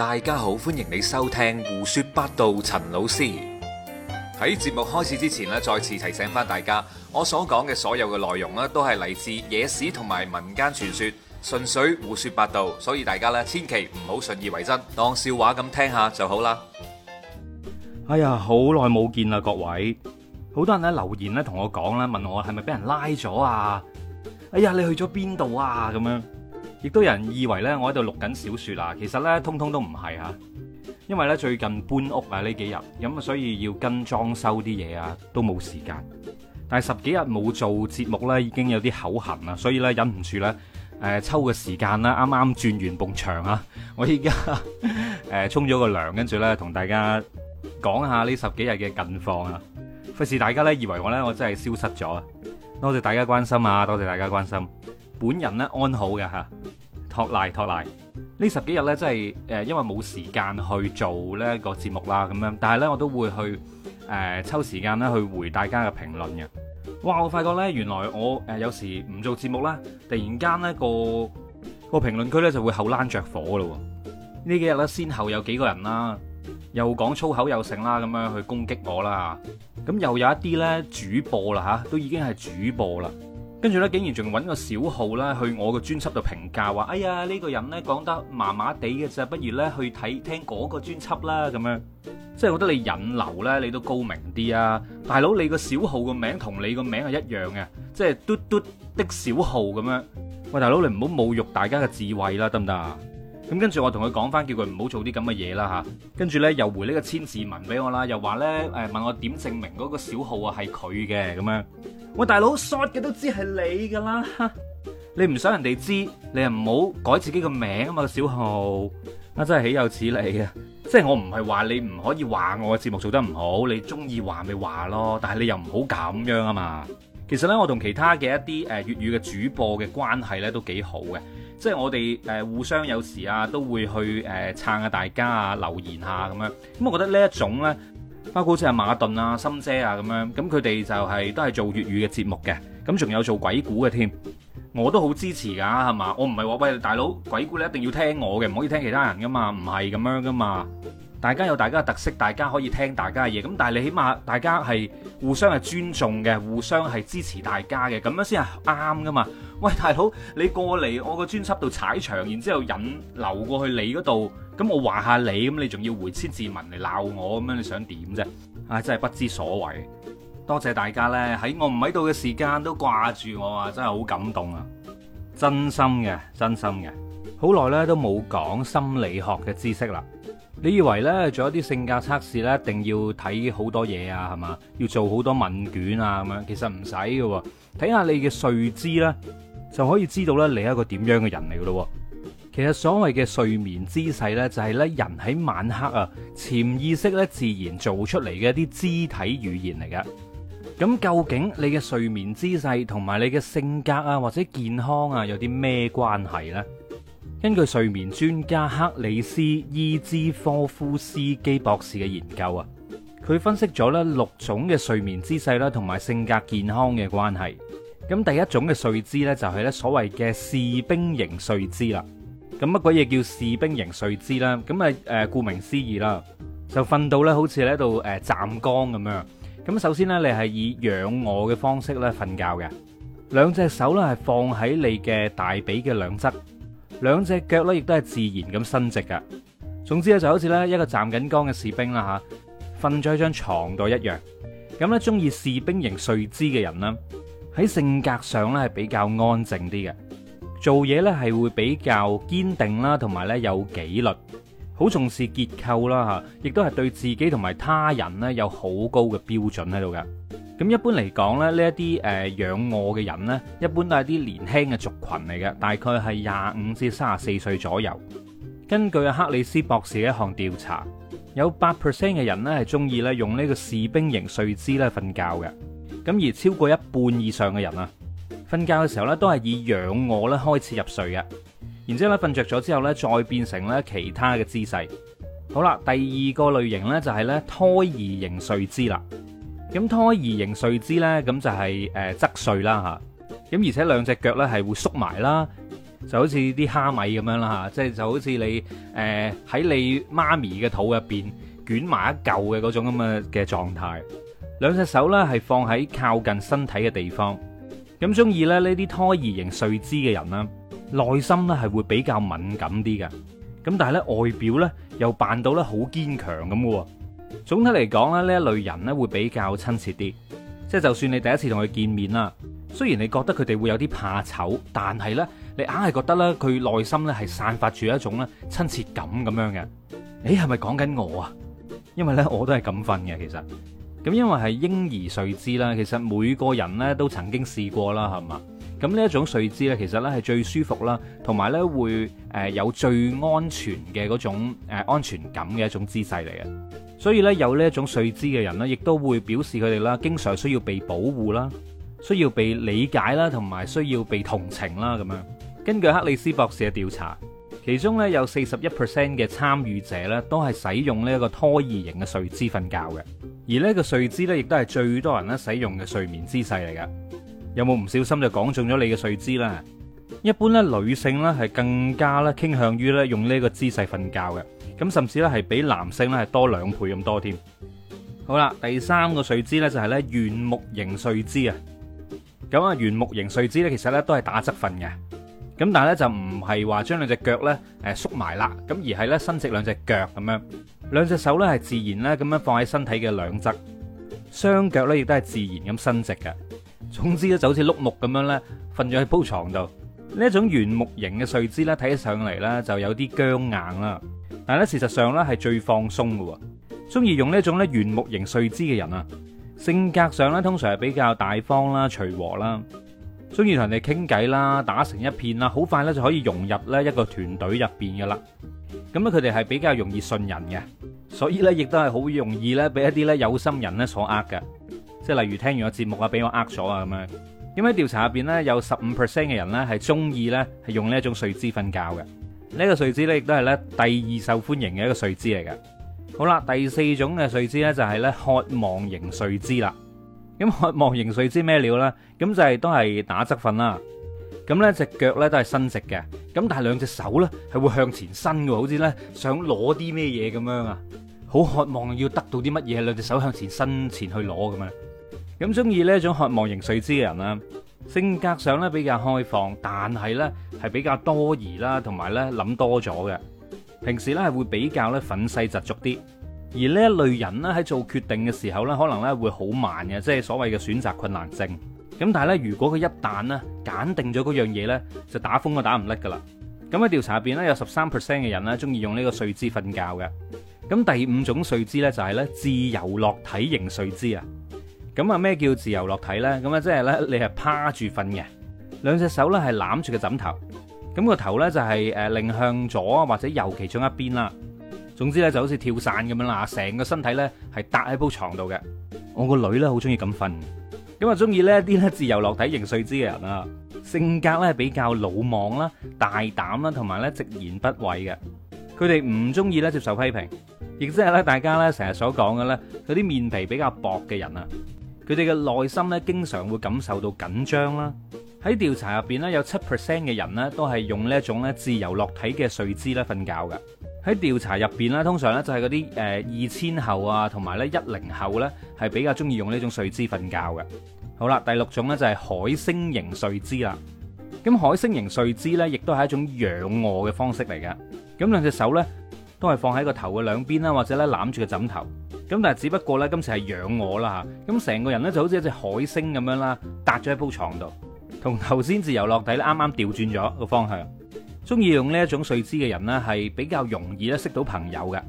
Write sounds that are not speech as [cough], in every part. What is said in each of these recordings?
大家好，歡迎你收聽胡說八道。陳老師喺節目開始之前咧，再次提醒翻大家，我所講嘅所有嘅內容咧，都係嚟自野史同埋民間傳說，純粹胡說八道，所以大家咧千祈唔好信以為真，當笑話咁聽下就好啦。哎呀，好耐冇見啦，各位，好多人咧留言咧同我講啦，問我係咪俾人拉咗啊？哎呀，你去咗邊度啊？咁樣。亦都有人以為呢我喺度錄緊小説啦，其實呢，通通都唔係嚇，因為呢最近搬屋啊呢幾日，咁所以要跟裝修啲嘢啊，都冇時間。但係十幾日冇做節目呢，已經有啲口痕啦，所以呢，忍唔住呢，抽個時間啦，啱啱轉完埲牆啊。我依家誒沖咗個涼，跟住呢，同大家講下呢十幾日嘅近況啊，費事大家呢，以為我呢，我真係消失咗啊！多謝大家關心啊，多謝大家關心。本人咧安好嘅嚇，托賴托賴。呢十幾日咧，真係誒，因為冇時間去做呢個節目啦，咁樣。但係咧，我都會去誒抽時間咧去回大家嘅評論嘅。哇！我發覺咧，原來我誒有時唔做節目啦，突然間咧個個評論區咧就會後欄着火咯。呢幾日咧，先後有幾個人啦，又講粗口又成啦，咁樣去攻擊我啦。咁又有一啲咧主播啦嚇，都已經係主播啦。跟住呢，竟然仲揾個小號啦，去我個專輯度評價，話哎呀呢、呢個人呢講得麻麻地嘅咋，不如呢去睇聽嗰個專輯啦咁樣，即係我覺得你引流呢，你都高明啲啊，大佬你個小號個名同你個名係一樣嘅，即係嘟嘟的小號咁樣。喂大佬你唔好侮辱大家嘅智慧啦，得唔得啊？咁跟住我同佢講翻，叫佢唔好做啲咁嘅嘢啦嚇。跟住呢，又回呢個千字文俾我啦，又話呢，誒問我點證明嗰個小號啊係佢嘅咁樣。喂大佬，short 嘅都知係你噶啦，你唔想人哋知，你又唔好改自己個名啊嘛小號。啊、真係豈有此理啊！即係我唔係話你唔可以話我嘅節目做得唔好，你中意話咪話咯，但係你又唔好咁樣啊嘛。其實呢，我同其他嘅一啲誒粵語嘅主播嘅關係呢，都幾好嘅。即係我哋，呃、互相有時啊，都會去誒撐下大家啊，留言下咁樣。咁，嗯、我覺得呢一種呢，包括好似阿馬頓啊，心姐啊咁樣，咁佢哋就係，是，都係做粵語嘅節目嘅，咁仲有做鬼故嘅添，我都好支持㗎，係嘛？我唔係話喂大佬鬼故你一定要聽我嘅，唔可以聽其他人噶嘛，唔係咁樣噶嘛。大家有大家嘅特色，大家可以聽大家嘅嘢。咁但係你起碼大家係互相係尊重嘅，互相係支持大家嘅，咁樣先係啱噶嘛？喂，大佬，你過嚟我個專輯度踩場，然之後引流過去你嗰度，咁我話下你，咁你仲要回千字文嚟鬧我，咁樣你想點啫？啊、哎，真係不知所謂。多謝大家呢，喺我唔喺度嘅時間都掛住我啊，真係好感動啊！真心嘅，真心嘅，好耐呢都冇講心理學嘅知識啦。你以為呢做一啲性格測試呢一定要睇好多嘢啊，係嘛？要做好多問卷啊，咁樣，其實唔使嘅。睇下你嘅睡姿呢，就可以知道呢你係一個點樣嘅人嚟嘅喎。其實所謂嘅睡眠姿勢呢，就係呢人喺晚黑啊潛意識呢自然做出嚟嘅一啲肢體語言嚟㗎。咁究竟你嘅睡眠姿勢同埋你嘅性格啊，或者健康啊，有啲咩關係呢？根據睡眠專家克里斯伊茲科夫斯基博士嘅研究啊，佢分析咗咧六種嘅睡眠姿勢啦，同埋性格健康嘅關係。咁第一種嘅睡姿咧就係咧所謂嘅士兵型睡姿啦。咁乜鬼嘢叫士兵型睡姿啦？咁啊誒，顧名思義啦，就瞓到咧好似喺度誒站崗咁樣。咁首先咧，你係以仰臥嘅方式咧瞓覺嘅，兩隻手咧係放喺你嘅大髀嘅兩側。兩隻腳咧，亦都係自然咁伸直噶。總之咧，就好似咧一個站緊崗嘅士兵啦，吓，瞓咗喺張床度一樣。咁咧，中意士兵型睡姿嘅人咧，喺性格上咧係比較安靜啲嘅，做嘢咧係會比較堅定啦，同埋咧有紀律，好重視結構啦，吓，亦都係對自己同埋他人咧有好高嘅標準喺度噶。咁一般嚟講咧，呢一啲誒仰臥嘅人呢，一般都係啲年輕嘅族群嚟嘅，大概係廿五至三十四歲左右。根據啊克里斯博士嘅一項調查，有八 percent 嘅人呢係中意咧用呢個士兵型睡姿咧瞓覺嘅。咁而超過一半以上嘅人啊，瞓覺嘅時候呢都係以仰臥咧開始入睡嘅，然之後咧瞓着咗之後呢，再變成咧其他嘅姿勢。好啦，第二個類型呢，就係呢胎兒型睡姿啦。咁胎兒型睡姿咧，咁就係誒側睡啦吓，咁而且兩隻腳咧係會縮埋啦，就好似啲蝦米咁樣啦吓，即係就好似你誒喺、呃、你媽咪嘅肚入邊捲埋一嚿嘅嗰種咁嘅嘅狀態，兩隻手咧係放喺靠近身體嘅地方，咁中意咧呢啲胎兒型睡姿嘅人啦，內心咧係會比較敏感啲嘅，咁但係咧外表咧又扮到咧好堅強咁喎。總體嚟講咧，呢一類人咧會比較親切啲，即係就算你第一次同佢見面啦，雖然你覺得佢哋會有啲怕醜，但係咧你硬係覺得咧佢內心咧係散發住一種咧親切感咁樣嘅。你係咪講緊我啊？因為咧我都係咁瞓嘅，其實咁因為係嬰兒睡姿啦，其實每個人咧都曾經試過啦，係嘛。咁呢一種睡姿咧，其實咧係最舒服啦，同埋咧會有最安全嘅嗰種安全感嘅一種姿勢嚟嘅。所以咧有呢一種睡姿嘅人咧，亦都會表示佢哋啦，經常需要被保護啦，需要被理解啦，同埋需要被同情啦咁樣。根據克里斯博士嘅調查，其中咧有四十一 percent 嘅參與者咧，都係使用呢一個胎兒型嘅睡姿瞓覺嘅，而呢個睡姿咧，亦都係最多人咧使用嘅睡眠姿勢嚟嘅。有冇唔小心就講中咗你嘅睡姿咧？一般咧女性咧係更加咧傾向於咧用呢個姿勢瞓覺嘅，咁甚至咧係比男性咧係多兩倍咁多添。好啦，第三個睡姿咧就係咧圓木型睡姿啊。咁啊，圓木型睡姿咧其實咧都係打側瞓嘅，咁但係咧就唔係話將兩隻腳咧誒縮埋啦，咁而係咧伸直兩隻腳咁樣，兩隻手咧係自然咧咁樣放喺身體嘅兩側，雙腳咧亦都係自然咁伸直嘅。總之咧就好似碌木咁樣咧，瞓咗喺鋪床度。呢一種圓木形嘅睡姿咧，睇起上嚟咧就有啲僵硬啦。但係咧，事實上咧係最放鬆嘅。中意用呢種咧圓木形睡姿嘅人啊，性格上咧通常係比較大方啦、隨和啦，中意同人哋傾偈啦、打成一片啦，好快咧就可以融入咧一個團隊入邊㗎啦。咁咧，佢哋係比較容易信人嘅，所以咧亦都係好容易咧俾一啲咧有心人咧所呃嘅。即係例如聽完個節目啊，俾我呃咗啊咁樣。咁、嗯、喺調查入邊咧，有十五 percent 嘅人咧係中意咧係用呢一種睡姿瞓覺嘅。呢、這個睡姿咧亦都係咧第二受歡迎嘅一個睡姿嚟嘅。好啦，第四種嘅睡姿咧就係、是、咧渴望型睡姿啦。咁、嗯、渴望型睡姿咩料咧？咁就係、是、都係打側瞓啦。咁咧隻腳咧都係伸直嘅。咁但係兩隻手咧係會向前伸嘅，好似咧想攞啲咩嘢咁樣啊，好渴望要得到啲乜嘢，兩隻手向前伸前去攞咁樣。咁中意呢一種渴望型睡姿嘅人咧，性格上呢比較開放，但係呢係比較多疑啦，同埋呢諗多咗嘅。平時呢係會比較呢憤世嫉俗啲，而呢一類人呢喺做決定嘅時候呢，可能呢會好慢嘅，即係所謂嘅選擇困難症。咁但係呢，如果佢一旦呢，揀定咗嗰樣嘢呢，就打風都打唔甩㗎喇。咁喺調查入邊呢，有十三 percent 嘅人呢中意用呢個睡姿瞓覺嘅。咁第五種睡姿呢，就係呢自由落體型睡姿啊。咁啊咩叫自由落體咧？咁咧即係咧你係趴住瞓嘅，兩隻手咧係攬住個枕頭，咁個頭咧就係誒另向左啊或者右其中一邊啦。總之咧就好似跳傘咁樣啦，成個身體咧係搭喺鋪床度嘅。我個女咧好中意咁瞓，咁啊中意呢一啲咧自由落體型睡姿嘅人啊，性格咧比較魯莽啦、大膽啦，同埋咧直言不諱嘅。佢哋唔中意咧接受批評，亦即係咧大家咧成日所講嘅咧有啲面皮比較薄嘅人啊。佢哋嘅內心咧，經常會感受到緊張啦。喺調查入邊咧，有七 percent 嘅人咧，都係用呢一種咧自由落體嘅睡姿咧瞓覺嘅。喺調查入邊咧，通常咧就係嗰啲誒二千後啊，同埋咧一零後咧，係比較中意用呢種睡姿瞓覺嘅。好啦，第六種咧就係海星型睡姿啦。咁海星型睡姿咧，亦都係一種仰臥嘅方式嚟嘅。咁兩隻手咧，都係放喺個頭嘅兩邊啦，或者咧攬住個枕頭。咁但係只不過呢，今次係仰臥啦吓，咁成個人呢，就好似一隻海星咁樣啦，搭咗喺鋪床度，同頭先自由落體，啱啱調轉咗個方向。中意用呢一種睡姿嘅人呢，係比較容易咧識到朋友嘅，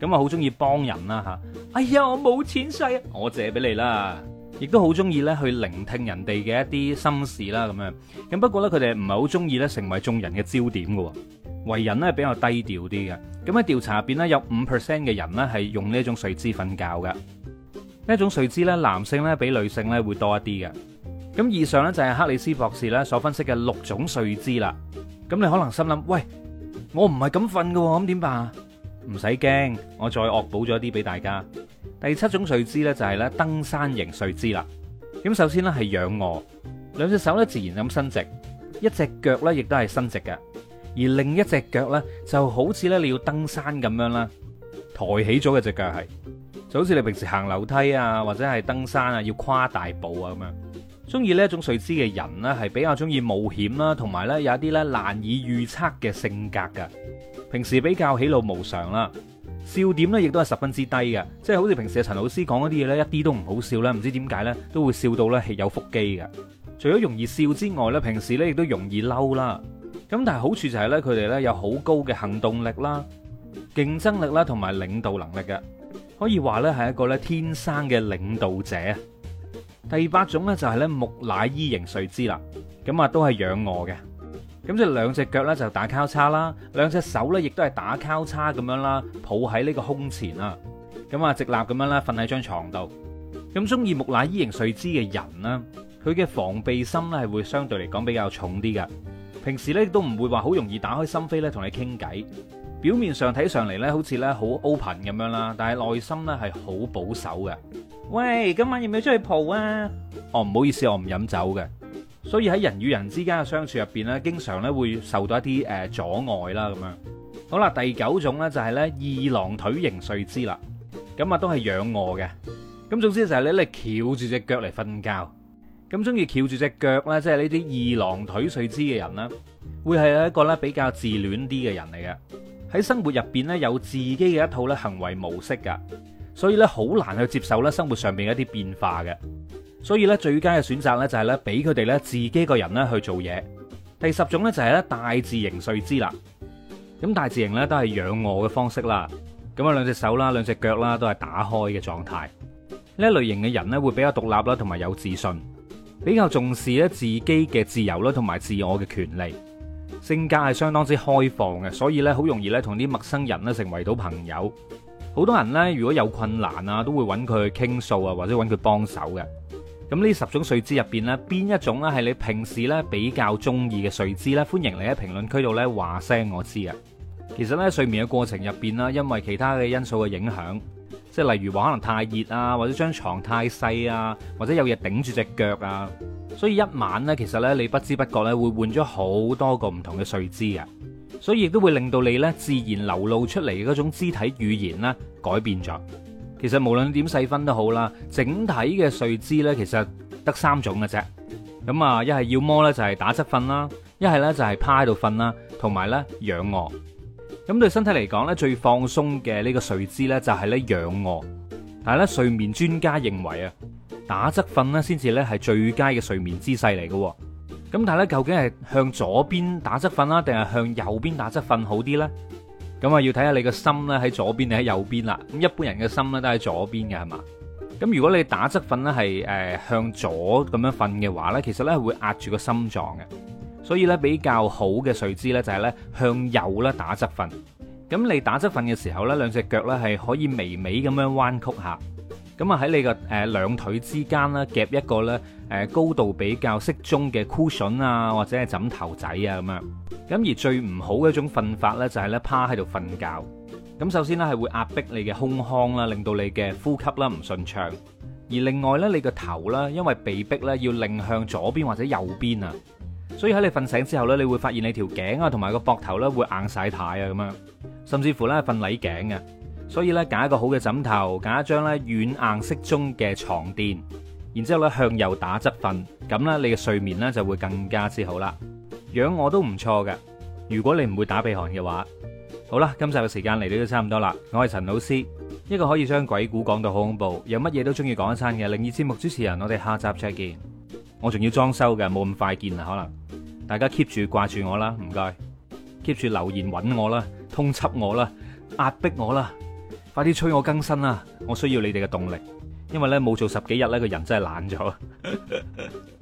咁啊好中意幫人啦吓。哎呀，我冇錢使，我借俾你啦。亦都好中意呢，去聆聽人哋嘅一啲心事啦咁樣。咁不過呢，佢哋唔係好中意呢，成為眾人嘅焦點噶。為人咧比較低調啲嘅，咁喺調查入邊咧有五 percent 嘅人咧係用呢一種睡姿瞓覺嘅，呢一種睡姿咧男性咧比女性咧會多一啲嘅。咁以上咧就係克里斯博士咧所分析嘅六種睡姿啦。咁你可能心諗，喂，我唔係咁瞓㗎，咁點辦？唔使驚，我再惡補咗啲俾大家。第七種睡姿咧就係咧登山型睡姿啦。咁首先咧係仰卧，兩隻手咧自然咁伸直，一隻腳咧亦都係伸直嘅。而另一隻腳咧，就好似咧你要登山咁樣啦，抬起咗嘅隻腳係，就好似你平時行樓梯啊，或者係登山啊，要跨大步啊咁樣。中意呢一種睡姿嘅人呢，係比較中意冒險啦，同埋咧有一啲咧難以預測嘅性格噶。平時比較喜怒無常啦，笑點咧亦都係十分之低嘅，即係好似平時阿陳老師講嗰啲嘢咧，一啲都唔好笑啦，唔知點解咧都會笑到咧係有腹肌嘅。除咗容易笑之外咧，平時咧亦都容易嬲啦。咁但係好處就係咧，佢哋咧有好高嘅行動力啦、競爭力啦，同埋領導能力嘅，可以話咧係一個咧天生嘅領導者。第八種咧就係咧木乃伊型睡姿啦，咁啊都係仰臥嘅，咁即係兩隻腳咧就打交叉啦，兩隻手咧亦都係打交叉咁樣啦，抱喺呢個胸前啦，咁啊直立咁樣啦，瞓喺張床度。咁中意木乃伊型睡姿嘅人咧，佢嘅防備心咧係會相對嚟講比較重啲嘅。平時咧都唔會話好容易打開心扉咧同你傾偈，表面上睇上嚟咧好似咧好 open 咁樣啦，但係內心咧係好保守嘅。喂，今晚要唔要出去蒲啊？哦，唔好意思，我唔飲酒嘅。所以喺人與人之間嘅相處入邊咧，經常咧會受到一啲誒阻礙啦咁樣。好啦，第九種咧就係咧二郎腿型睡姿啦，咁啊都係仰卧嘅。咁總之就係咧你翹住隻腳嚟瞓覺。咁中意翹住隻腳咧，即係呢啲二郎腿睡姿嘅人呢，會係一個咧比較自戀啲嘅人嚟嘅。喺生活入面咧，有自己嘅一套咧行為模式㗎，所以咧好難去接受咧生活上面一啲變化嘅。所以咧，最佳嘅選擇咧就係咧俾佢哋咧自己個人咧去做嘢。第十種咧就係咧大字型睡姿啦。咁大字型咧都係仰臥嘅方式啦。咁啊兩隻手啦，兩隻腳啦都係打開嘅狀態。呢一類型嘅人咧會比較獨立啦，同埋有自信。比較重視咧自己嘅自由啦，同埋自我嘅權利，性格係相當之開放嘅，所以咧好容易咧同啲陌生人咧成為到朋友。好多人咧如果有困難啊，都會揾佢去傾訴啊，或者揾佢幫手嘅。咁呢十種睡姿入邊咧，邊一種咧係你平時咧比較中意嘅睡姿咧？歡迎你喺評論區度咧話聲我知啊。其實咧睡眠嘅過程入邊啦，因為其他嘅因素嘅影響。即係例如話，可能太熱啊，或者張床太細啊，或者有嘢頂住隻腳啊，所以一晚呢，其實呢，你不知不覺呢會換咗好多個唔同嘅睡姿嘅，所以亦都會令到你呢自然流露出嚟嘅嗰種肢體語言呢改變咗。其實無論點細分都好啦，整體嘅睡姿呢，其實得三種嘅啫。咁啊，一係要麼呢，就係打側瞓啦，一係呢，就係趴喺度瞓啦，同埋呢仰臥。咁對身體嚟講呢，最放鬆嘅呢個睡姿呢，就係呢仰卧，但係呢，睡眠專家認為啊，打側瞓呢先至呢係最佳嘅睡眠姿勢嚟嘅。咁但係呢，究竟係向左邊打側瞓啦，定係向右邊打側瞓好啲呢？咁啊，要睇下你個心呢，喺左邊定喺右邊啦。咁一般人嘅心呢，都喺左邊嘅係嘛？咁如果你打側瞓呢係誒向左咁樣瞓嘅話呢，其實呢，會壓住個心臟嘅。所以咧比較好嘅睡姿咧就係咧向右咧打側瞓。咁你打側瞓嘅時候咧，兩隻腳咧係可以微微咁樣彎曲下。咁啊喺你嘅誒兩腿之間啦，夾一個咧誒高度比較適中嘅 cushion 啊，或者係枕頭仔啊咁樣。咁而最唔好嘅一種瞓法咧就係咧趴喺度瞓覺。咁首先咧係會壓迫你嘅胸腔啦，令到你嘅呼吸啦唔順暢。而另外咧，你嘅頭咧因為被逼咧要擰向左邊或者右邊啊。所以喺你瞓醒之後呢，你會發現你條頸啊，同埋個膊頭呢會硬晒太啊咁樣，甚至乎呢瞓捩頸嘅。所以呢，揀一個好嘅枕頭，揀一張呢軟硬適中嘅床墊，然之後呢向右打側瞓，咁呢，你嘅睡眠呢就會更加之好啦。仰臥，都唔錯㗎。如果你唔會打鼻鼾嘅話，好啦，今集嘅時間嚟到都差唔多啦。我係陳老師，一個可以將鬼故講到好恐怖，有乜嘢都中意講一餐嘅靈異節目主持人。我哋下集再見。我仲要裝修嘅，冇咁快見啦，可能大家 keep 住掛住我啦，唔該，keep 住留言揾我啦，通緝我啦，壓迫我啦，快啲催我更新啦，我需要你哋嘅動力，因為呢冇做十幾日呢個人真係懶咗。 [laughs]